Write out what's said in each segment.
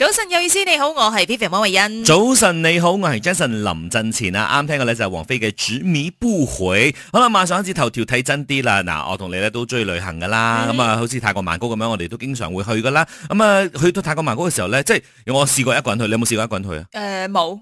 早晨有意思，你好，我係 Peter 馬慧欣。早晨你好，我係 Jason 林振前啊，啱聽嘅咧就係王菲嘅《執迷不悔》。好啦，馬上開始頭條睇真啲、啊、啦。嗱、嗯，我同你咧都中意旅行噶啦，咁啊，好似泰國曼谷咁樣，我哋都經常會去噶啦。咁、嗯、啊，去到泰國曼谷嘅時候咧，即係我試過一個人去，你有冇試過一個人去啊？誒、呃，冇。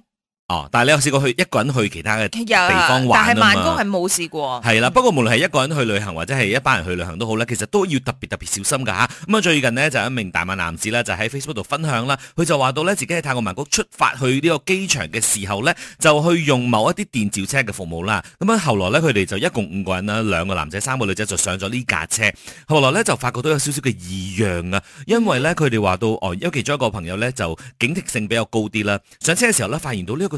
哦，但係你有試過去一個人去其他嘅地方玩啊？但係曼谷係冇試過。係啦，不過無論係一個人去旅行或者係一班人去旅行都好咧，其實都要特別特別小心噶吓。咁啊，最近咧就有一名大馬男子咧就喺 Facebook 度分享啦，佢就話到咧自己喺泰國曼谷出發去呢個機場嘅時候咧，就去用某一啲電召車嘅服務啦。咁樣後來咧，佢哋就一共五個人啦，兩個男仔，三個女仔就上咗呢架車。後來咧就發覺到有少少嘅異樣啊，因為咧佢哋話到哦，有其中一個朋友咧就警惕性比較高啲啦，上車嘅時候咧發現到呢個。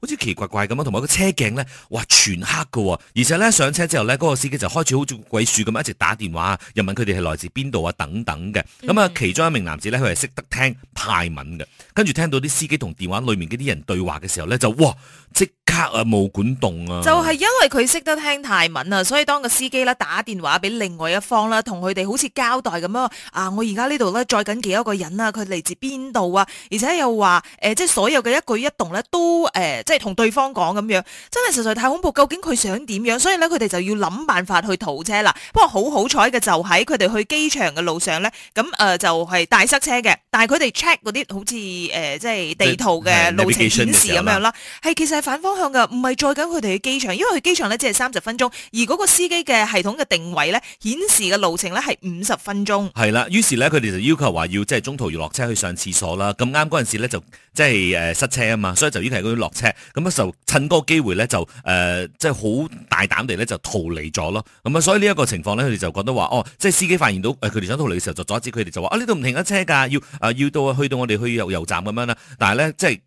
好似奇怪怪咁啊！同埋個車鏡呢，哇全黑噶、哦，而且呢，上車之後呢，嗰、那個司機就開始好似鬼鼠咁一,一直打電話，又問佢哋係來自邊度啊等等嘅。咁、嗯、啊，其中一名男子呢，佢係識得聽泰文嘅，跟住聽到啲司機同電話裏面嗰啲人對話嘅時候呢，就哇即刻啊毛管動啊！就係、是、因為佢識得聽泰文啊，所以當個司機呢，打電話俾另外一方啦、啊，同佢哋好似交代咁啊啊！我而家呢度呢，載緊幾多個人啊？佢嚟自邊度啊？而且又話、呃、即係所有嘅一舉一動呢，都、呃即係同對方講咁樣，真係實在太恐怖。究竟佢想點樣？所以咧，佢哋就要諗辦法去逃車啦。不過好好彩嘅就喺佢哋去機場嘅路上咧，咁、呃、誒就係、是、大塞車嘅。但係佢哋 check 嗰啲好似、呃、即係地圖嘅路程顯示咁樣啦，係其實係反方向嘅，唔係載緊佢哋去機場，因為去機場咧只係三十分鐘，而嗰個司機嘅系統嘅定位咧顯示嘅路程咧係五十分鐘。係啦，於是咧佢哋就要求話要即係中途要落車去上廁所啦。咁啱嗰陣時咧就。即係誒、呃、塞車啊嘛，所以就依期佢要落車，咁啊就趁嗰個機會咧就、呃、即係好大膽地咧就逃離咗咯。咁啊，所以呢一個情況咧，佢哋就覺得話哦，即係司機發現到佢哋想逃離嘅時候，就阻止佢哋就話啊呢度唔停得車㗎，要啊、呃、要到去到我哋去油油站咁樣啦。但係咧即係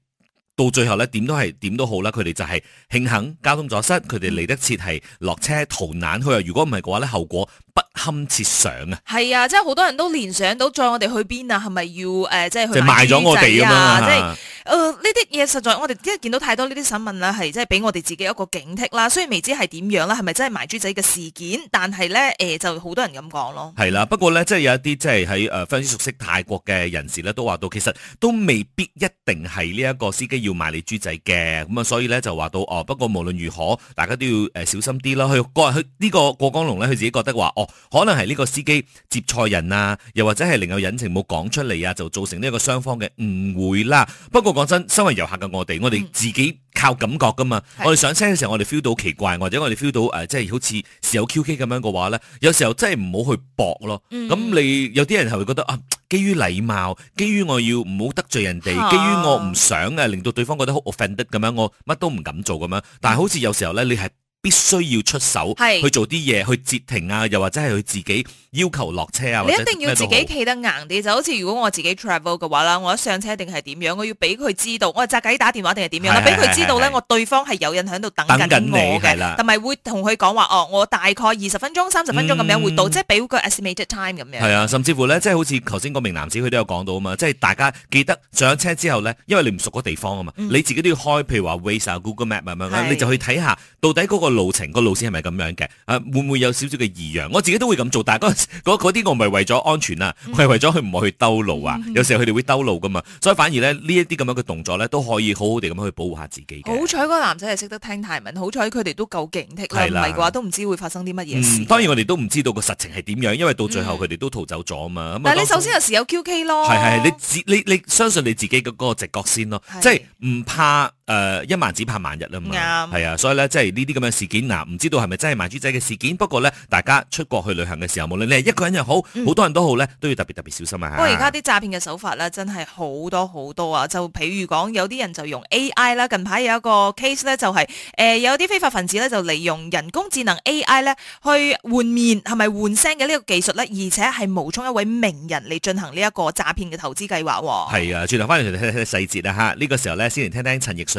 到最後咧點都係點都好啦，佢哋就係慶幸交通阻塞，佢哋嚟得切係落車逃難去。佢話如果唔係嘅話咧，後果不堪設想啊！係啊，即係好多人都聯想到載我哋去邊啊，係咪要誒、呃，即係、啊、去賣咗我哋啊，啊？即係誒，呢啲嘢實在我哋今日見到太多呢啲新聞啦，係即係俾我哋自己一個警惕啦。雖然未知係點樣啦，係咪真係賣豬仔嘅事件？但係咧誒，就好多人咁講咯。係啦、啊，不過咧即係有一啲即係喺誒非常熟悉泰國嘅人士咧，都話到其實都未必一定係呢一個司機要賣你豬仔嘅咁啊，所以咧就話到哦。不過無論如何，大家都要誒、呃、小心啲啦。佢過佢呢個過江龍咧，佢自己覺得話哦。可能係呢個司機接錯人啊，又或者係另有隱情冇講出嚟啊，就造成呢一個雙方嘅誤會啦。不過講真，身為遊客嘅我哋、嗯，我哋自己靠感覺噶嘛。我哋上車嘅時候，我哋 feel 到好奇怪，或者我哋 feel 到誒，即、呃、係、就是、好似是有 QK 咁樣嘅話呢，有時候真係唔好去搏咯。咁、嗯、你有啲人係會覺得啊，基於禮貌，基於我要唔好得罪人哋、啊，基於我唔想啊，令到對方覺得 offended 咁樣，我乜都唔敢做咁樣、嗯。但係好似有時候呢，你係。必須要出手，去做啲嘢去截停啊，又或者係佢自己要求落車啊。你一定要自己企得硬啲，就好似如果我自己 travel 嘅話啦，我一上車一定係點樣，我要俾佢知道，我係扎鬼打電話定係點樣啦，俾佢知道咧，我對方係有人喺度等緊我嘅，同埋會同佢講話哦，我大概二十分鐘、三十分鐘咁樣會到，嗯、即係俾個 estimated time 咁樣。係啊，甚至乎咧，即係好似頭先嗰名男子佢都有講到啊嘛，即係大家記得上車之後咧，因為你唔熟個地方啊嘛、嗯，你自己都要開，譬如話 Waze 啊、Google Map 咁樣，你就去睇下到底嗰個。那個、路程、那個路線係咪咁樣嘅？啊，會唔會有少少嘅異樣？我自己都會咁做，但係嗰啲我唔係為咗安全啊，嗯、我係為咗佢唔去兜路啊。嗯、有時候佢哋會兜路噶嘛，所以反而咧，呢一啲咁樣嘅動作咧，都可以好好地咁去保護下自己。好彩嗰個男仔係識得聽泰文，好彩佢哋都夠警惕啦，唔係嘅話都唔知會發生啲乜嘢事，啊嗯。當然我哋都唔知道個實情係點樣，因為到最後佢、嗯、哋都逃走咗啊嘛。但係你首先有時有 QK 咯，係係你你你，你相信你自己嘅個直覺先咯，是即係唔怕。誒、呃、一萬只怕萬日啊嘛，係、嗯、啊，所以咧，即係呢啲咁樣事件，嗱，唔知道係咪真係賣豬仔嘅事件。不過咧，大家出國去旅行嘅時候，無論你係一個人又好，好、嗯、多人都好咧，都要特別特別小心啊。不過而家啲詐騙嘅手法咧，真係好多好多啊！就譬如講，有啲人就用 AI 啦，近排有一個 case 咧、就是，就、呃、係有啲非法分子咧，就利用人工智能 AI 咧去換面，係咪換聲嘅呢個技術咧，而且係冒充一位名人嚟進行呢一個詐騙嘅投資計劃喎。係啊，轉頭翻嚟再聽聽細節啊！呢、呢個時候咧，先嚟聽聽陳奕迅。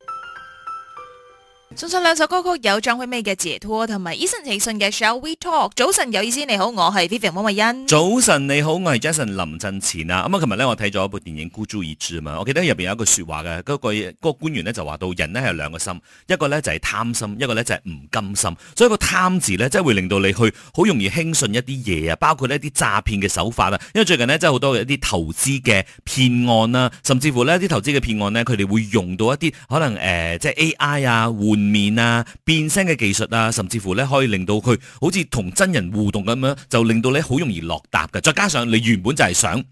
送上兩首歌曲，有張惠妹嘅《解脱》同埋 Eason 奕迅嘅《Shall We Talk》。早晨有意思，你好，我係 Vivian 汪慧欣。早晨你好，我係 Jason 林振前。咁啊，琴日咧我睇咗一部電影《孤注一擲》啊嘛。我記得入邊有一句說話嘅，嗰、嗰個、嗰個官員咧就話到人呢係兩個心，一個呢就係、是、貪心，一個呢就係、是、唔甘心。所以個貪字呢，真係會令到你去好容易輕信一啲嘢啊，包括呢啲詐騙嘅手法啊。因為最近呢，真係好多一啲投資嘅騙案啦、啊，甚至乎呢啲投資嘅騙案呢，佢哋會用到一啲可能誒、呃、即係 A I 啊換。面啊，變聲嘅技術啊，甚至乎咧可以令到佢好似同真人互動咁樣，就令到你好容易落答嘅。再加上你原本就係想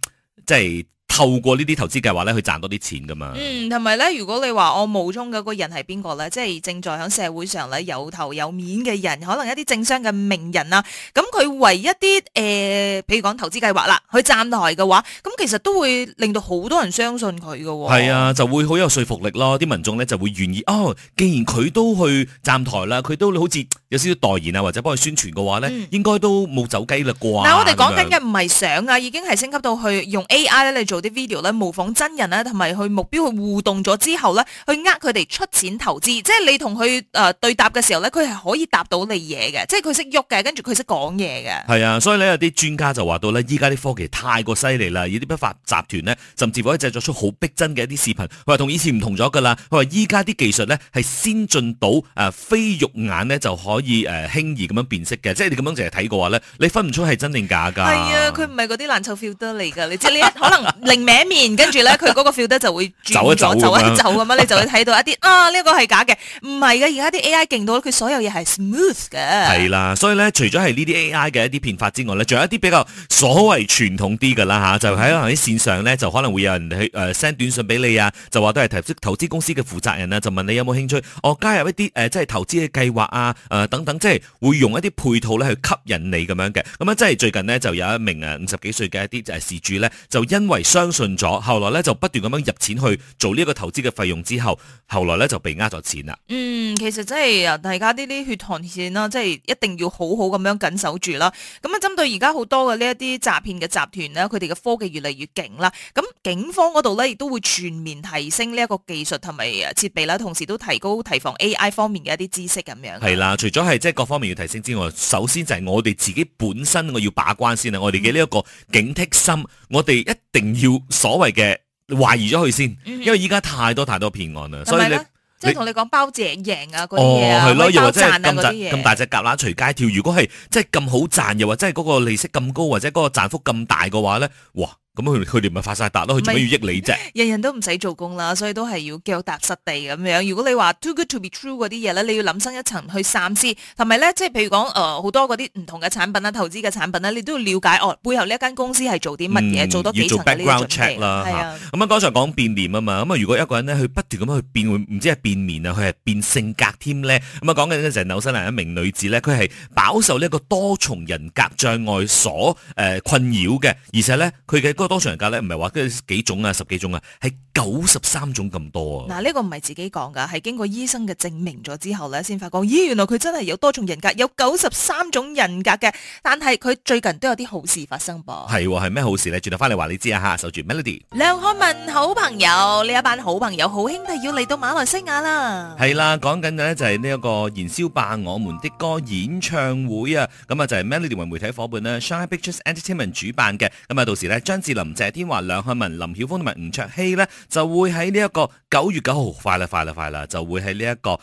即係。透過呢啲投資計劃咧，去賺多啲錢噶嘛？嗯，同埋咧，如果你話我冒充嘅個人係邊個咧，即、就、係、是、正在響社會上咧有頭有面嘅人，可能一啲政商嘅名人啊，咁佢為一啲誒、呃，譬如講投資計劃啦，去站台嘅話，咁其實都會令到好多人相信佢噶喎。係啊，就會好有說服力咯，啲民眾咧就會願意。哦，既然佢都去站台啦，佢都好似有少少代言啊，或者幫佢宣傳嘅話咧，嗯，應該都冇走雞啦啩？嗱、呃，但我哋講緊嘅唔係相啊，已經係升級到去用 A I 咧嚟做，啲 video 咧模仿真人啊，同埋去目標去互動咗之後咧，去呃佢哋出錢投資，即係你同佢誒對答嘅時候咧，佢係可以答到你嘢嘅，即係佢識喐嘅，跟住佢識講嘢嘅。係啊，所以咧有啲專家就話到咧，依家啲科技太過犀利啦，依啲不法集團咧，甚至乎可以製作出好逼真嘅一啲視頻。佢話同以前唔同咗噶啦，佢話依家啲技術咧係先進到誒、呃、非肉眼咧就可以誒輕易咁樣辨識嘅，即係你咁樣淨係睇嘅話咧，你分唔出係真定假噶。係啊，佢唔係嗰啲爛臭 feel 得嚟噶，即係呢一可能。 零名面，跟住咧佢嗰個 feel 得就會走一走，走一走咁樣，你就會睇到一啲 啊呢、呢個係假嘅，唔係嘅。而家啲 AI 勁到，佢所有嘢係 smooth 嘅。係啦，所以咧除咗係呢啲 AI 嘅一啲騙法之外咧，仲有一啲比較所謂傳統啲嘅啦吓，就喺可能啲線上咧，就可能會有人去誒 send、呃、短信俾你啊，就話都係投資投資公司嘅負責人啊，就問你有冇興趣？我、哦、加入一啲誒、呃、即係投資嘅計劃啊，誒、呃、等等，即係會用一啲配套咧去吸引你咁樣嘅。咁啊即係最近呢就有一名誒五十幾歲嘅一啲就係事主咧，就因為。相信咗，後來咧就不斷咁樣入錢去做呢一個投資嘅費用之後，後來咧就被呃咗錢啦。嗯，其實真係啊，大家呢啲血糖線啦，即係一定要好好咁樣緊守住啦。咁啊，針對而家好多嘅呢一啲詐騙嘅集團咧，佢哋嘅科技越嚟越勁啦。咁警方嗰度咧亦都會全面提升呢一個技術同埋設備啦，同時都提高提防 AI 方面嘅一啲知識咁樣。係啦，除咗係即係各方面要提升之外，首先就係我哋自己本身我要把關先啦，我哋嘅呢一個警惕心，嗯、我哋一定要。要所謂嘅懷疑咗佢先，因為依家太多太多騙案啦，所以你即係同你講包賬贏啊嗰啲嘢啊，包賺啊嗰啲嘢，咁大隻蛤乸隨街跳。如果係即係咁好賺，又或者係嗰個利息咁高，或者嗰個賺幅咁大嘅話咧，哇！咁佢佢哋咪發晒達咯，佢做咩要益你啫？人人都唔使做工啦，所以都係要腳踏實地咁樣。如果你話 too good to be true 嗰啲嘢咧，你要諗深一層去三思。同埋咧，即係譬如講誒，好、呃、多嗰啲唔同嘅產品啦、投資嘅產品啦，你都要了解哦，背後呢一間公司係做啲乜嘢，做多幾層嘅呢啲準備啦。係啊，咁啊剛才講變臉啊嘛，咁啊如果一個人咧，佢不斷咁去變，唔知係變面啊，佢係變性格添咧。咁啊講緊咧就紐西蘭一名女子咧，佢係飽受呢一個多重人格障礙所誒困擾嘅，而且咧佢嘅。這個多重人格咧，唔係話跟幾種啊，十幾種啊，係九十三種咁多啊！嗱，呢個唔係自己講噶，係經過醫生嘅證明咗之後咧，先發覺，咦、哎，原來佢真係有多重人格，有九十三種人格嘅。但係佢最近都有啲好事發生噃，係係咩好事咧？轉頭翻嚟話你知啊吓，守住 Melody。梁漢文好朋友，你一班好朋友、好兄弟要嚟到馬來西亞啦。係啦，講緊咧就係呢一個燃燒吧！我們的歌演唱會啊，咁、嗯、啊就係、是、Melody 為媒體伙伴呢 Shine Pictures Entertainment 主辦嘅，咁、嗯、啊到時咧將。將林謝天華、梁漢文、林曉峰同埋吳卓羲咧，就會喺呢一個九月九號，快啦快啦快啦，就會喺呢一個誒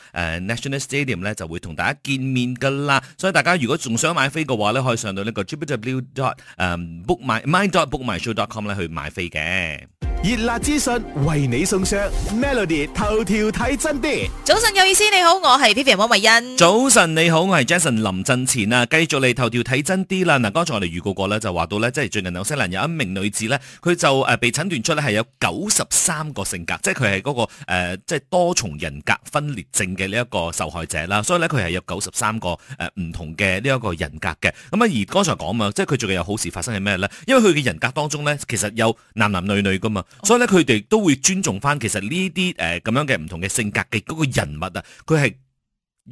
National Stadium 咧，就會同大家見面噶啦。所以大家如果仲想買飛嘅話咧，可以上到呢個 www. 誒 bookmymydotbookmyshow.com 咧去買飛嘅。熱辣資訊為你送上 Melody 頭條睇真啲。早晨有意思你好，我係 Vivian 王偉恩。早晨你好，我係 Jason 林振前啊。繼續嚟頭條睇真啲啦。嗱，剛才我哋預告過咧，就話到咧，即係最近紐西蘭有一名女子咧，佢就誒被診斷出咧係有九十三個性格，即係佢係嗰個誒、呃、即係多重人格分裂症嘅呢一個受害者啦。所以咧佢係有九十三個誒唔同嘅呢一個人格嘅。咁啊而剛才講啊，即係佢最近有好事發生係咩咧？因為佢嘅人格當中咧，其實有男男女女噶嘛。所以咧，佢哋都會尊重翻，其實，呢啲誒咁樣嘅唔同嘅性格嘅嗰個人物啊，佢係。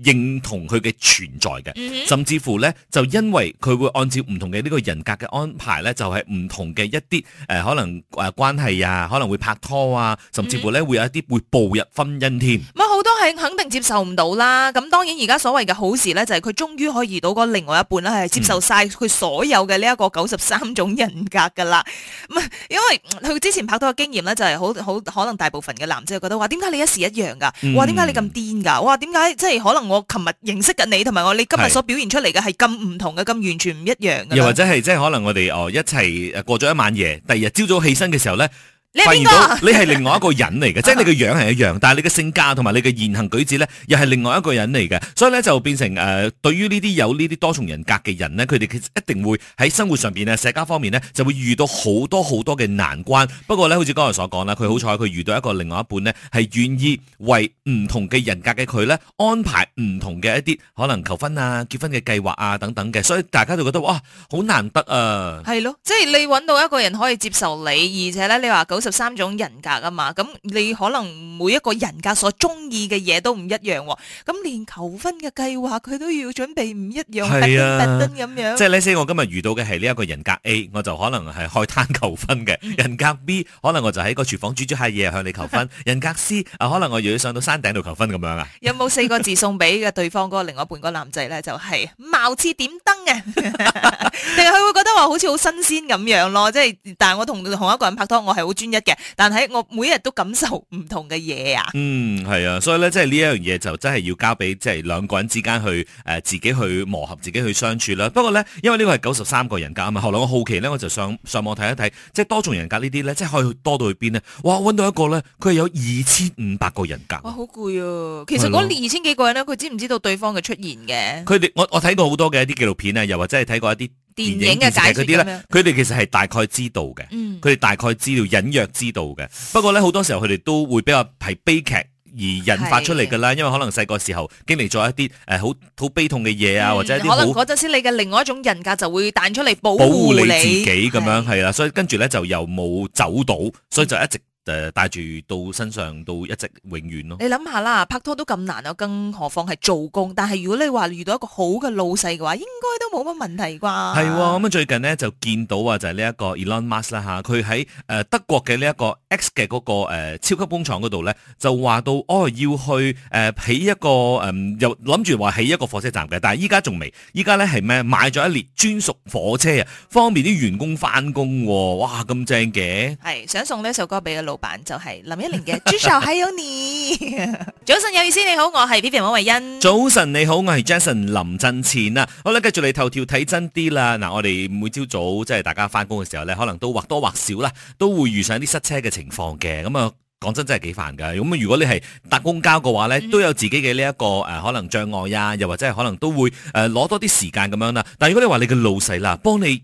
認同佢嘅存在嘅，甚至乎咧就因為佢會按照唔同嘅呢個人格嘅安排咧，就係、是、唔同嘅一啲誒、呃、可能誒關係啊，可能會拍拖啊，甚至乎咧會有一啲會步入婚姻添。咁、嗯、好多係肯定接受唔到啦。咁當然而家所謂嘅好事咧，就係佢終於可以遇到個另外一半啦，係接受晒佢所有嘅呢一個九十三種人格噶啦。唔、嗯、因為佢之前拍拖嘅經驗咧，就係好好可能大部分嘅男仔覺得話，點解你一時一樣噶？哇，點解你咁癲噶？哇，點解即係可能？我琴日認識嘅你，同埋我你今日所表現出嚟嘅係咁唔同嘅，咁完全唔一樣嘅。又或者係，即係可能我哋哦一齊誒過咗一晚夜，第二日朝早起身嘅時候咧。你發現到你係另外一個人嚟嘅，即 係你嘅樣係一樣， 但係你嘅性格同埋你嘅言行舉止咧，又係另外一個人嚟嘅，所以咧就變成誒、呃，對於呢啲有呢啲多重人格嘅人咧，佢哋其實一定會喺生活上邊啊社交方面咧，就會遇到好多好多嘅難關。不過咧，好似剛才所講啦，佢好彩佢遇到一個另外一半咧，係願意為唔同嘅人格嘅佢咧安排唔同嘅一啲可能求婚啊、結婚嘅計劃啊等等嘅，所以大家就覺得哇，好、啊、難得啊！係咯，即、就、係、是、你揾到一個人可以接受你，而且咧你話十三種人格啊嘛，咁你可能每一個人格所中意嘅嘢都唔一樣，咁連求婚嘅計劃佢都要準備唔一樣，特登特登咁樣。即係你些我今日遇到嘅係呢一個人格 A，我就可能係海灘求婚嘅、嗯；人格 B 可能我就喺個廚房煮煮下嘢向你求婚； 人格 C 啊，可能我又要上到山頂度求婚咁樣啊。有冇四個字送俾嘅對方嗰個另外半個男仔咧？ 就係貌似點？定係佢會覺得話好似好新鮮咁樣咯，即係但係我同同一個人拍拖，我係好專一嘅。但係我每日都感受唔同嘅嘢啊。嗯，係啊，所以咧，即係呢一樣嘢就真係要交俾即係兩個人之間去誒、呃、自己去磨合，自己去相處啦。不過咧，因為呢個係九十三個人格啊嘛。後來我好奇咧，我就上上網睇一睇，即係多重人格呢啲咧，即係可以多到去邊呢？哇，搵到一個咧，佢係有二千五百個人格。哇、哦，好攰啊！其實嗰二千幾個人咧，佢知唔知道對方嘅出現嘅？佢哋我我睇過好多嘅一啲紀錄片。又或者係睇過一啲電影嘅劇情嗰啲咧，佢哋其實係大概知道嘅，嗯，佢哋大概知道、隱約知道嘅。不過咧，好多時候佢哋都會比較係悲劇而引發出嚟噶啦，因為可能細個時候經歷咗一啲誒好好悲痛嘅嘢啊，或者一啲好嗰陣時，你嘅另外一種人格就會彈出嚟保護你，你自己咁樣，係啦，所以跟住咧就又冇走到，所以就一直。誒，帶住到身上到一直永遠咯。你諗下啦，拍拖都咁難啊，更何況係做工。但係如果你話遇到一個好嘅老細嘅話，應該都冇乜問題啩。係咁啊！最近呢就見到、就是、Mas, 啊，就係呢一個 Elon Musk 啦吓，佢喺誒德國嘅呢一個 X 嘅嗰個誒、呃、超級工廠嗰度咧，就話到哦要去誒、呃、起一個誒又諗住話起一個火車站嘅，但係依家仲未。依家咧係咩買咗一列專屬火車啊，方便啲員工翻工、啊。哇，咁正嘅。係想送呢首歌俾個老。老闆就係林一玲嘅，主持係有你。 早晨有意思，你好，我係 B B 王慧恩。早晨你好，我係 Jason 林振前啊。好啦，繼續嚟頭條睇真啲啦。嗱，我哋每朝早即係大家翻工嘅時候咧，可能都或多或少啦，都會遇上啲塞車嘅情況嘅。咁啊，講真真係幾煩噶。咁啊，如果你係搭公交嘅話咧，都有自己嘅呢一個誒、呃，可能障礙啊，又或者係可能都會誒攞、呃、多啲時間咁樣啦。但係如果你話你嘅路細啦，幫你。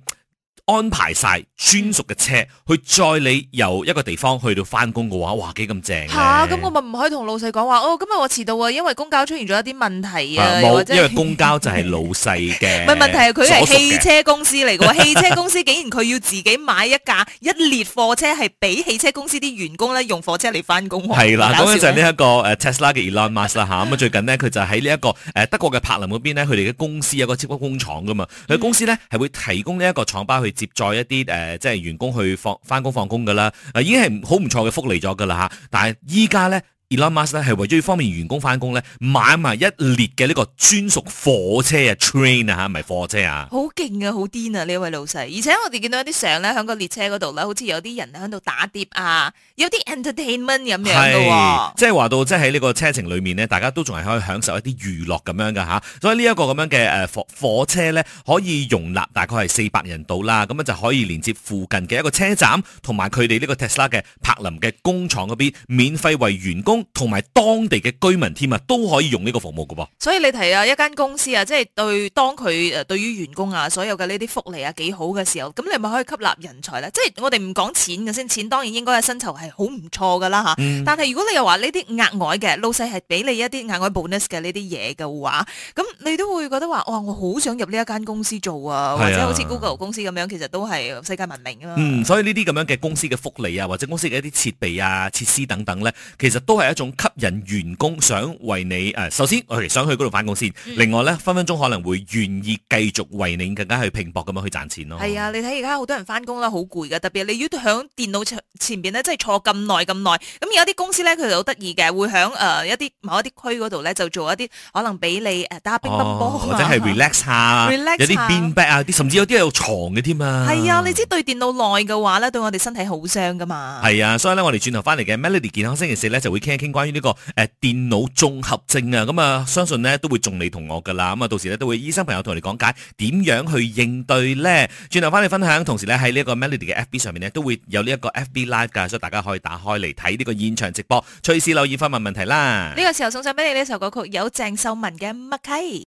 安排晒專屬嘅車去載你由一個地方去到翻工嘅話，哇幾咁正吓咁、啊啊、我咪唔可以同老細講話哦？今日我遲到啊，因為公交出現咗一啲問題啊，啊！因為公交就係老細嘅。唔係問題，係佢係汽車公司嚟嘅，汽 車公司竟然佢要自己買一架一列貨車係俾汽車公司啲員工咧用貨車嚟翻工。係、啊、啦，咁、啊、嘅、啊啊、就係呢一個誒特斯拉嘅 Elon Musk 啦、啊、吓，咁啊，啊，啊最近呢，佢就喺呢一個誒、呃、德國嘅柏林嗰邊咧，佢哋嘅公司有個超級工廠噶嘛，佢、嗯、公司咧係會提供呢一個廠巴去。接載一啲誒即係員工去放翻工放工噶啦，啊已經，係好唔錯嘅福利咗噶啦吓，但係依家咧。Elon Musk 咧係為咗方便員工翻工咧，買埋一,一列嘅呢個專屬火車啊，train 啊吓，咪火車啊，好勁啊，好癲啊！呢位老細，而且我哋見到一啲相咧，喺個列車嗰度咧，好似有啲人喺度打碟啊，有啲 entertainment 咁樣嘅，即係話到即係喺呢個車程裏面呢，大家都仲係可以享受一啲娛樂咁樣噶吓，所以呢一個咁樣嘅誒火火車咧，可以容納大概係四百人度啦，咁樣就可以連接附近嘅一個車站，同埋佢哋呢個 Tesla 嘅柏林嘅工廠嗰邊，免費為員工。同埋當地嘅居民添啊，都可以用呢個服務噶噃。所以你睇啊，一間公司啊，即係對當佢誒對於員工啊，所有嘅呢啲福利啊，幾好嘅時候，咁你咪可以吸納人才咧。即係我哋唔講錢嘅先，錢當然應該係薪酬係好唔錯噶啦吓、嗯。但係如果你又話呢啲額外嘅，老細係俾你一啲額外 bonus 嘅呢啲嘢嘅話，咁你都會覺得話，哇，我好想入呢一間公司做啊，啊或者好似 Google 公司咁樣，其實都係世界聞名啊。嗯，所以呢啲咁樣嘅公司嘅福利啊，或者公司嘅一啲設備啊、設施等等咧，其實都係。一種吸引員工想為你誒、呃，首先我哋、呃、想去嗰度返工先、嗯，另外咧分分鐘可能會願意繼續為你更加去拼搏咁樣去賺錢咯。係啊，你睇而家好多人返工啦，好攰㗎，特別你要響電腦前邊咧，即、就、係、是、坐咁耐咁耐。咁有啲公司咧，佢哋好得意嘅，會響誒、呃、一啲某一啲區嗰度咧，就做一啲可能俾你誒打乒乓波，或者係 relax，下，relax 下，有啲 beanbag 啊，啲、啊、甚至有啲有床嘅添啊。係啊，你知對電腦耐嘅話咧，對我哋身體好傷噶嘛。係啊，所以咧我哋轉頭返嚟嘅 Melody 健康星期四咧就會傾。傾關於呢個誒電腦綜合症啊，咁啊相信呢都會中你同我噶啦，咁啊到時咧都會醫生朋友同你講解點樣去應對呢，轉頭翻嚟分享，同時咧喺呢個 Melody 嘅 FB 上面呢，都會有呢一個 FB Live 噶，所以大家可以打開嚟睇呢個現場直播，隨時留意返問問題啦。呢、這個時候送上俾你呢首歌曲，有鄭秀文嘅《默契》。